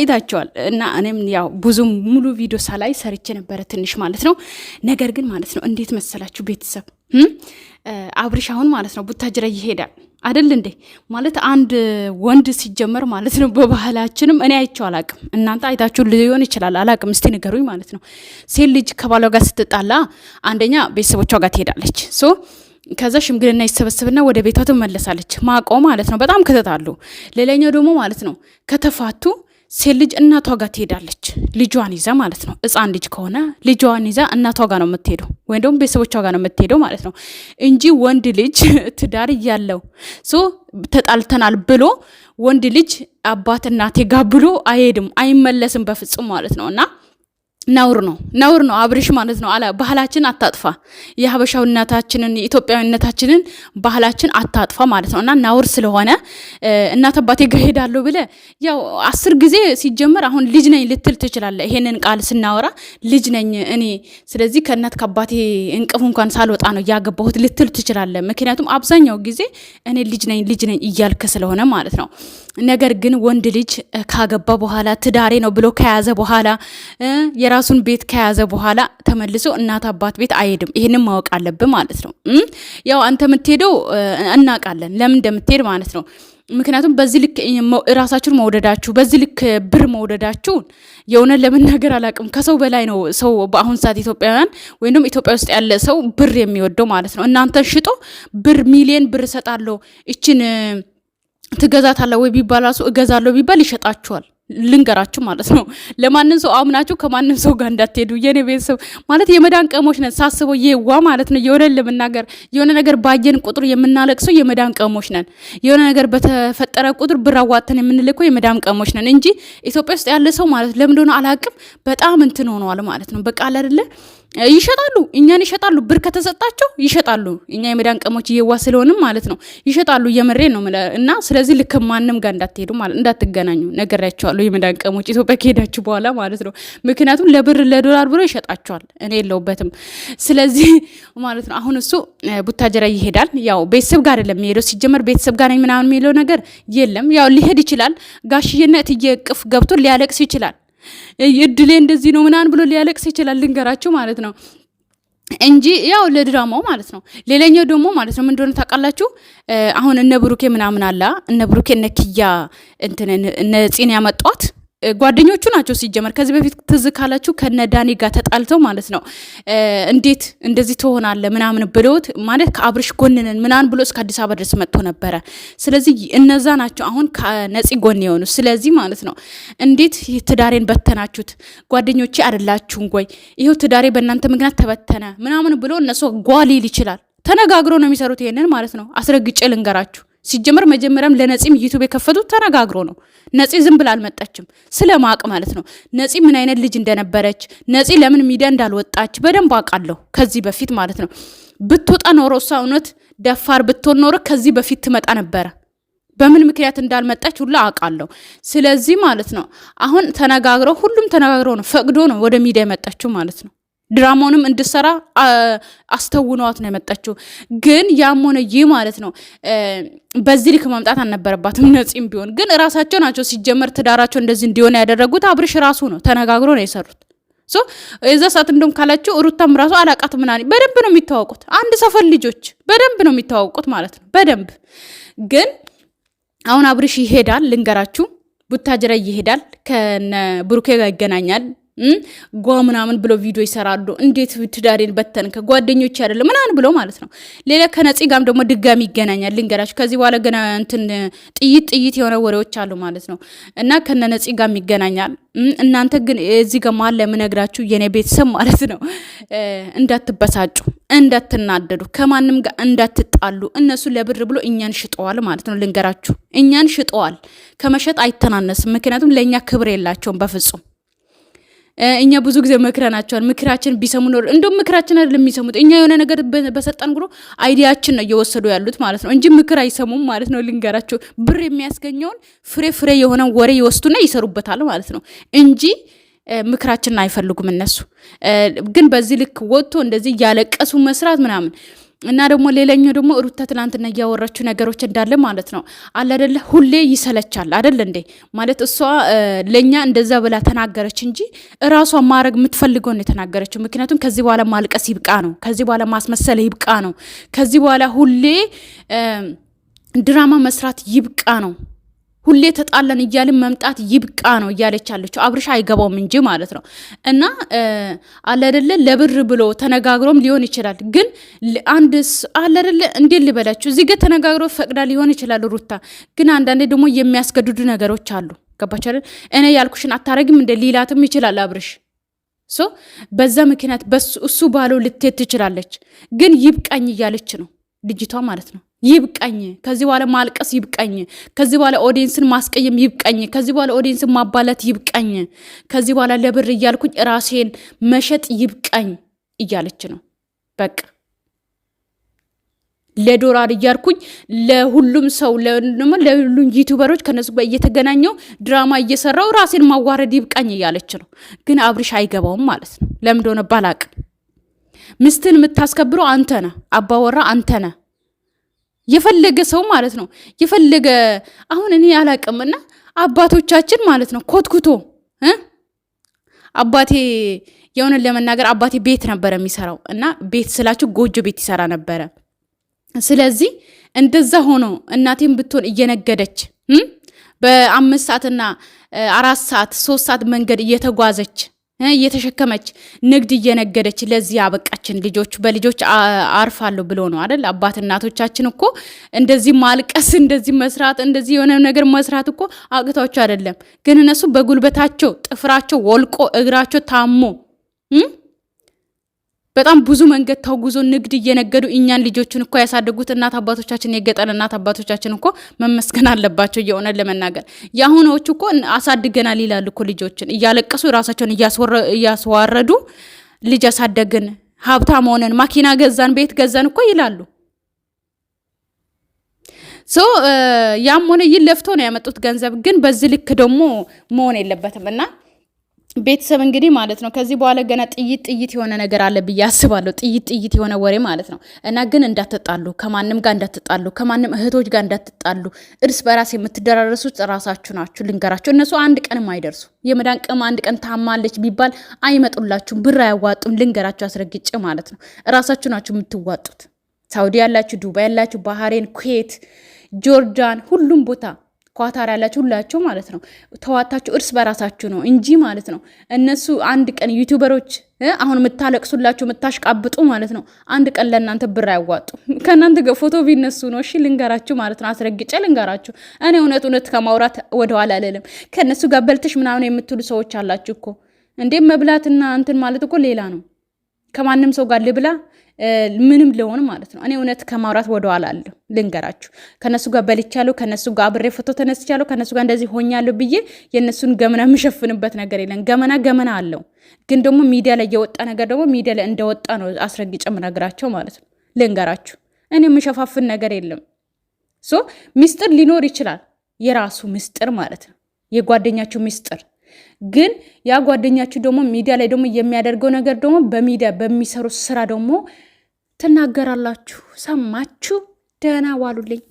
አይታቸዋል እና እኔም ያው ብዙም ሙሉ ቪዲዮ ሳላይ ሰርቼ ነበረ ትንሽ ማለት ነው። ነገር ግን ማለት ነው እንዴት መሰላችሁ ቤተሰብ አብርሽ አሁን ማለት ነው ቡታጅራ ይሄዳል አደል እንዴ? ማለት አንድ ወንድ ሲጀመር ማለት ነው በባህላችንም እኔ አይቼው አላቅም። እናንተ አይታችሁ ሊሆን ይችላል አላቅም። እስቲ ንገሩኝ ማለት ነው። ሴት ልጅ ከባሏ ጋር ስትጣላ አንደኛ ቤተሰቦቿ ጋር ትሄዳለች ሶ ከዛ ሽምግልና ይሰበስብና ወደ ቤቷ ትመለሳለች። ማቆ ማለት ነው በጣም ክተት አሉ። ሌላኛው ደግሞ ማለት ነው ከተፋቱ ሴት ልጅ እናቷ ጋር ትሄዳለች፣ ልጇን ይዛ ማለት ነው። ሕፃን ልጅ ከሆነ ልጇን ይዛ እናቷ ጋር ነው የምትሄደው፣ ወይም ደግሞ ቤተሰቦቿ ጋር ነው የምትሄደው ማለት ነው እንጂ ወንድ ልጅ ትዳር እያለው ሶ ተጣልተናል ብሎ ወንድ ልጅ አባት እናቴ ጋር ብሎ አይሄድም፣ አይመለስም በፍጹም ማለት ነው እና ነውር ነው፣ ነውር ነው አብርሽ ማለት ነው። አላ ባህላችን አታጥፋ፣ የሀበሻዊነታችንን የኢትዮጵያዊነታችንን ባህላችን አታጥፋ ማለት ነው እና ነውር ስለሆነ እናት አባቴ ጋር ሄዳለሁ ያው አስር ጊዜ ሲጀመር አሁን ልጅ ነኝ ልትል ትችላለ። ይሄንን ቃል ስናወራ ልጅ ነኝ እኔ፣ ስለዚህ ከእናት ከአባቴ እንቅፍ እንኳን ሳልወጣ ነው እያገባሁት ልትል ትችላለ። ምክንያቱም አብዛኛው ጊዜ እኔ ልጅ ነኝ ልጅ ነኝ እያልከ ስለሆነ ማለት ነው። ነገር ግን ወንድ ልጅ ካገባ በኋላ ትዳሬ ነው ብሎ ከያዘ በኋላ የራሱን ቤት ከያዘ በኋላ ተመልሶ እናት አባት ቤት አይሄድም። ይህንን ማወቅ አለብን ማለት ነው። ያው አንተ የምትሄደው እናውቃለን፣ ለምን እንደምትሄድ ማለት ነው። ምክንያቱም በዚህ ልክ ራሳችሁን መውደዳችሁ በዚህ ልክ ብር መውደዳችሁን የእውነት ለመናገር አላቅም ከሰው በላይ ነው ሰው በአሁን ሰዓት ኢትዮጵያውያን ወይም ደግሞ ኢትዮጵያ ውስጥ ያለ ሰው ብር የሚወደው ማለት ነው። እናንተን ሽጦ ብር ሚሊየን ብር እሰጣለሁ እችን ትገዛታለህ ወይ ቢባል ራሱ እገዛለሁ ቢባል ይሸጣችኋል። ልንገራችሁ ማለት ነው። ለማንም ሰው አምናችሁ ከማንም ሰው ጋር እንዳትሄዱ። የኔ ቤተሰብ ማለት የመዳን ቀሞች ነን። ሳስበው የዋ ማለት ነው የሆነ ለመናገር የሆነ ነገር ባየን ቁጥር የምናለቅሰው የመዳን ቀሞች ነን። የሆነ ነገር በተፈጠረ ቁጥር ብር አዋጥተን የምንልከው የመዳን ቀሞች ነን እንጂ ኢትዮጵያ ውስጥ ያለ ሰው ማለት ለምን አላቅም። በጣም እንትን ሆነዋል ማለት ነው። በቃል አይደለ ይሸጣሉ፣ እኛን ይሸጣሉ። ብር ከተሰጣቸው ይሸጣሉ። እኛ የመዳን ቀሞች እየዋ ስለሆንም ማለት ነው ይሸጣሉ። እየመሬ ነው እና ስለዚህ ልክ ማንም ጋር እንዳትሄዱ ማለት እንዳትገናኙ ነገራቸዋለሁ። የመዳን ቀሞች ኢትዮጵያ ከሄዳችሁ በኋላ ማለት ነው። ምክንያቱም ለብር ለዶላር ብሎ ይሸጣቸዋል። እኔ የለውበትም። ስለዚህ ማለት ነው አሁን እሱ ቡታጀራ ይሄዳል። ያው ቤተሰብ ጋር አይደለም የሄደው ሲጀመር ቤተሰብ ጋር ምናምን የሚለው ነገር የለም። ያው ሊሄድ ይችላል። ጋሽዬና እየቅፍ ገብቶ ሊያለቅስ ይችላል። እድሌ እንደዚህ ነው ምናምን ብሎ ሊያለቅስ ይችላል። ልንገራችሁ ማለት ነው እንጂ ያው ለድራማው ማለት ነው። ሌላኛው ደግሞ ማለት ነው ምን እንደሆነ ታውቃላችሁ? አሁን እነ ብሩኬ ምናምን አላ እነ ብሩኬ እነ ኪያ እንትን እነ ያመጧት ጓደኞቹ ናቸው ሲጀመር። ከዚህ በፊት ትዝ ካላችሁ ከነ ዳኒ ጋር ተጣልተው ማለት ነው እንዴት እንደዚህ ትሆናለ ምናምን ብለውት ማለት ከአብርሽ ጎንንን ምናምን ብሎ እስከ አዲስ አበባ ድረስ መጥቶ ነበረ። ስለዚህ እነዛ ናቸው አሁን ከነፂ ጎን የሆኑ። ስለዚህ ማለት ነው እንዴት ትዳሬን በተናችሁት ጓደኞቼ አደላችሁን ወይ? ይኸው ትዳሬ በእናንተ ምክንያት ተበተነ ምናምን ብሎ እነሱ ጓሊል ይችላል። ተነጋግሮ ነው የሚሰሩት ይሄንን ማለት ነው። አስረግጬ ልንገራችሁ ሲጀመር መጀመሪያም ለነፂም ዩቱብ የከፈቱት ተነጋግሮ ነው። ነፂ ዝም ብላ አልመጣችም፣ ማቅ ማለት ነው። ነፂ ምን አይነት ልጅ እንደነበረች፣ ነፂ ለምን ሚዲያ እንዳልወጣች በደንብ አውቃለሁ፣ ከዚህ በፊት ማለት ነው። ብትወጣ ኖሮ እሷ እውነት ደፋር ብትሆን ኖሮ ከዚህ በፊት ትመጣ ነበረ። በምን ምክንያት እንዳልመጣች ሁላ አውቃለሁ። ስለዚህ ማለት ነው አሁን ተነጋግረው፣ ሁሉም ተነጋግረው ነው ፈቅዶ ነው ወደ ሚዲያ የመጣችው ማለት ነው። ድራማውንም እንድሰራ አስተውኗት ነው የመጣችው። ግን ያም ሆነ ይህ ማለት ነው በዚህ ልክ መምጣት አልነበረባትም። ነፂም ቢሆን ግን እራሳቸው ናቸው ሲጀመር ትዳራቸው እንደዚህ እንዲሆን ያደረጉት። አብርሽ ራሱ ነው ተነጋግሮ ነው የሰሩት። የዛ ሰዓት እንደም ካላቸው ሩታም ራሱ አላቃት ምናምን በደንብ ነው የሚታወቁት። አንድ ሰፈር ልጆች በደንብ ነው የሚታወቁት ማለት ነው በደንብ ግን አሁን አብርሽ ይሄዳል ልንገራችሁ፣ ቡታጅራ ይሄዳል፣ ከነ ብሩኬ ጋር ይገናኛል። ጓ ምናምን ብሎ ቪዲዮ ይሰራሉ። እንዴት ትዳሬን በተንከ ጓደኞች አይደለም ምናምን ብሎ ማለት ነው። ሌላ ከነፂ ጋም ደግሞ ድጋሚ ይገናኛል። ልንገራችሁ ከዚህ በኋላ ገና እንትን ጥይት ጥይት የሆነ ወሬዎች አሉ ማለት ነው እና ከነ ነፂ ይገናኛል። እናንተ ግን እዚህ ጋር ማለ ላይ የምነግራችሁ የኔ ቤተሰብ ማለት ነው እንዳትበሳጩ፣ እንዳትናደዱ፣ ከማንም ጋር እንዳትጣሉ። እነሱ ለብር ብሎ እኛን ሽጠዋል ማለት ነው። ልንገራችሁ እኛን ሽጠዋል። ከመሸጥ አይተናነስም። ምክንያቱም ለእኛ ክብር የላቸውም በፍጹም እኛ ብዙ ጊዜ መክረናቸዋል። ምክራችን ቢሰሙ ኖር እንደም ምክራችን አይደለም የሚሰሙት። እኛ የሆነ ነገር በሰጠን ጉሮ አይዲያችን ነው እየወሰዱ ያሉት ማለት ነው እንጂ ምክር አይሰሙም ማለት ነው። ልንገራቸው ብር የሚያስገኘውን ፍሬ ፍሬ የሆነ ወሬ ይወስዱና ይሰሩበታል ማለት ነው እንጂ ምክራችንን አይፈልጉም እነሱ። ግን በዚህ ልክ ወጥቶ እንደዚህ እያለቀሱ መስራት ምናምን እና ደግሞ ሌላኛው ደግሞ ሩታ ትላንትና እያወራችው ነገሮች እንዳለ ማለት ነው አለ አደለ፣ ሁሌ ይሰለቻል አደለ እንዴ? ማለት እሷ ለእኛ እንደዛ ብላ ተናገረች እንጂ እራሷ ማድረግ የምትፈልገው ነው የተናገረችው። ምክንያቱም ከዚህ በኋላ ማልቀስ ይብቃ ነው፣ ከዚህ በኋላ ማስመሰል ይብቃ ነው፣ ከዚህ በኋላ ሁሌ ድራማ መስራት ይብቃ ነው። ሁሌ ተጣለን እያልን መምጣት ይብቃ ነው እያለች ያለችው። አብርሻ አይገባውም እንጂ ማለት ነው። እና አለደለ ለብር ብሎ ተነጋግሮም ሊሆን ይችላል። ግን አንድ አለደለ እንዴት ልበላችሁ፣ እዚህ ጋር ተነጋግሮ ፈቅዳ ሊሆን ይችላል ሩታ። ግን አንዳንዴ ደግሞ የሚያስገድዱ ነገሮች አሉ። ገባች እኔ ያልኩሽን አታረግም እንደ ሊላትም ይችላል አብርሽ ሶ በዛ ምክንያት እሱ ባለው ልትሄድ ትችላለች። ግን ይብቃኝ እያለች ነው ልጅቷ ማለት ነው። ይብቀኝ። ከዚህ በኋላ ማልቀስ ይብቀኝ። ከዚህ በኋላ ኦዲየንስን ማስቀየም ይብቀኝ። ከዚህ በኋላ ኦዲየንስን ማባላት ይብቀኝ። ከዚህ በኋላ ለብር እያልኩኝ ራሴን መሸጥ ይብቀኝ እያለች ነው። በቃ ለዶላር እያልኩኝ ለሁሉም ሰው ለሁሉም ዩቱበሮች ከነሱ እየተገናኘው ድራማ እየሰራው ራሴን ማዋረድ ይብቃኝ እያለች ነው። ግን አብርሽ አይገባውም ማለት ነው። ለምን ባላቅ ሚስትን የምታስከብረው አንተ ነህ፣ አባወራ አንተ ነህ። የፈለገ ሰው ማለት ነው የፈለገ አሁን እኔ አላቅምና አባቶቻችን ማለት ነው ኮትኩቶ አባቴ የሆነን ለመናገር አባቴ ቤት ነበረ የሚሰራው እና ቤት ስላችሁ ጎጆ ቤት ይሰራ ነበረ። ስለዚህ እንደዛ ሆኖ እናቴም ብትሆን እየነገደች በአምስት ሰዓትና አራት ሰዓት ሶስት ሰዓት መንገድ እየተጓዘች እየተሸከመች ንግድ እየነገደች ለዚህ አበቃችን። ልጆች በልጆች አርፋለሁ ብሎ ነው አይደል? አባት እናቶቻችን እኮ እንደዚህ ማልቀስ፣ እንደዚህ መስራት፣ እንደዚህ የሆነ ነገር መስራት እኮ አቅቷቸው አይደለም። ግን እነሱ በጉልበታቸው ጥፍራቸው ወልቆ እግራቸው ታሞ በጣም ብዙ መንገድ ተጉዞ ንግድ እየነገዱ እኛን ልጆችን እኮ ያሳደጉት እናት አባቶቻችን የገጠር እናት አባቶቻችን እኮ መመስገን አለባቸው። እየሆነ ለመናገር የአሁኖቹ እኮ አሳድገናል ይላሉ እኮ ልጆችን እያለቀሱ ራሳቸውን እያስዋረዱ ልጅ አሳደግን፣ ሀብታም ሆነን፣ ማኪና ገዛን፣ ቤት ገዛን እኮ ይላሉ። ሶ ያም ሆነ ይህ ለፍቶ ነው ያመጡት ገንዘብ ግን በዚህ ልክ ደግሞ መሆን የለበትም እና ቤተሰብ እንግዲህ ማለት ነው ከዚህ በኋላ ገና ጥይት ጥይት የሆነ ነገር አለ ብዬ አስባለሁ። ጥይት ጥይት የሆነ ወሬ ማለት ነው። እና ግን እንዳትጣሉ፣ ከማንም ጋር እንዳትጣሉ፣ ከማንም እህቶች ጋር እንዳትጣሉ። እርስ በራስ የምትደራረሱት ራሳችሁ ናችሁ። ልንገራቸው፣ እነሱ አንድ ቀንም አይደርሱ። የመዳን ቅም አንድ ቀን ታማለች ቢባል አይመጡላችሁም፣ ብር አያዋጡም። ልንገራቸው አስረግጭ ማለት ነው። እራሳችሁ ናችሁ የምትዋጡት። ሳውዲ ያላችሁ፣ ዱባይ ያላችሁ፣ ባህሬን፣ ኩዌት፣ ጆርዳን ሁሉም ቦታ ኳታር ያላችሁ ሁላችሁ ማለት ነው ተዋታችሁ እርስ በራሳችሁ ነው እንጂ ማለት ነው እነሱ አንድ ቀን ዩቱበሮች አሁን የምታለቅሱላችሁ የምታሽቃብጡ ማለት ነው አንድ ቀን ለእናንተ ብር አያዋጡ ከእናንተ ጋር ፎቶ ቢነሱ ነው። እሺ ልንገራችሁ ማለት ነው አስረግጬ ልንገራችሁ። እኔ እውነት እውነት ከማውራት ወደኋላ አልልም። ከእነሱ ጋር በልተሽ ምናምን የምትሉ ሰዎች አላችሁ እኮ እንዴ። መብላትና እንትን ማለት እኮ ሌላ ነው። ከማንም ሰው ጋር ልብላ ምንም ለሆን ማለት ነው። እኔ እውነት ከማውራት ወደኋላ አለሁ። ልንገራችሁ ከነሱ ጋር በልቻለሁ፣ ከነሱ ጋር አብሬ ፎቶ ተነስቻለሁ፣ ከነሱ ጋር እንደዚህ ሆኛለሁ ብዬ የእነሱን ገመና የምሸፍንበት ነገር የለም። ገመና ገመና አለው። ግን ደግሞ ሚዲያ ላይ የወጣ ነገር ደግሞ ሚዲያ ላይ እንደወጣ ነው አስረግጬ የምነግራቸው ማለት ነው። ልንገራችሁ እኔ የምሸፋፍን ነገር የለም። ሶ ሚስጥር ሊኖር ይችላል፣ የራሱ ምስጥር ማለት ነው፣ የጓደኛችሁ ምስጢር ግን ያ ጓደኛችሁ ደግሞ ሚዲያ ላይ ደግሞ የሚያደርገው ነገር ደግሞ በሚዲያ በሚሰሩት ስራ ደግሞ ትናገራላችሁ። ሰማችሁ? ደህና ዋሉልኝ።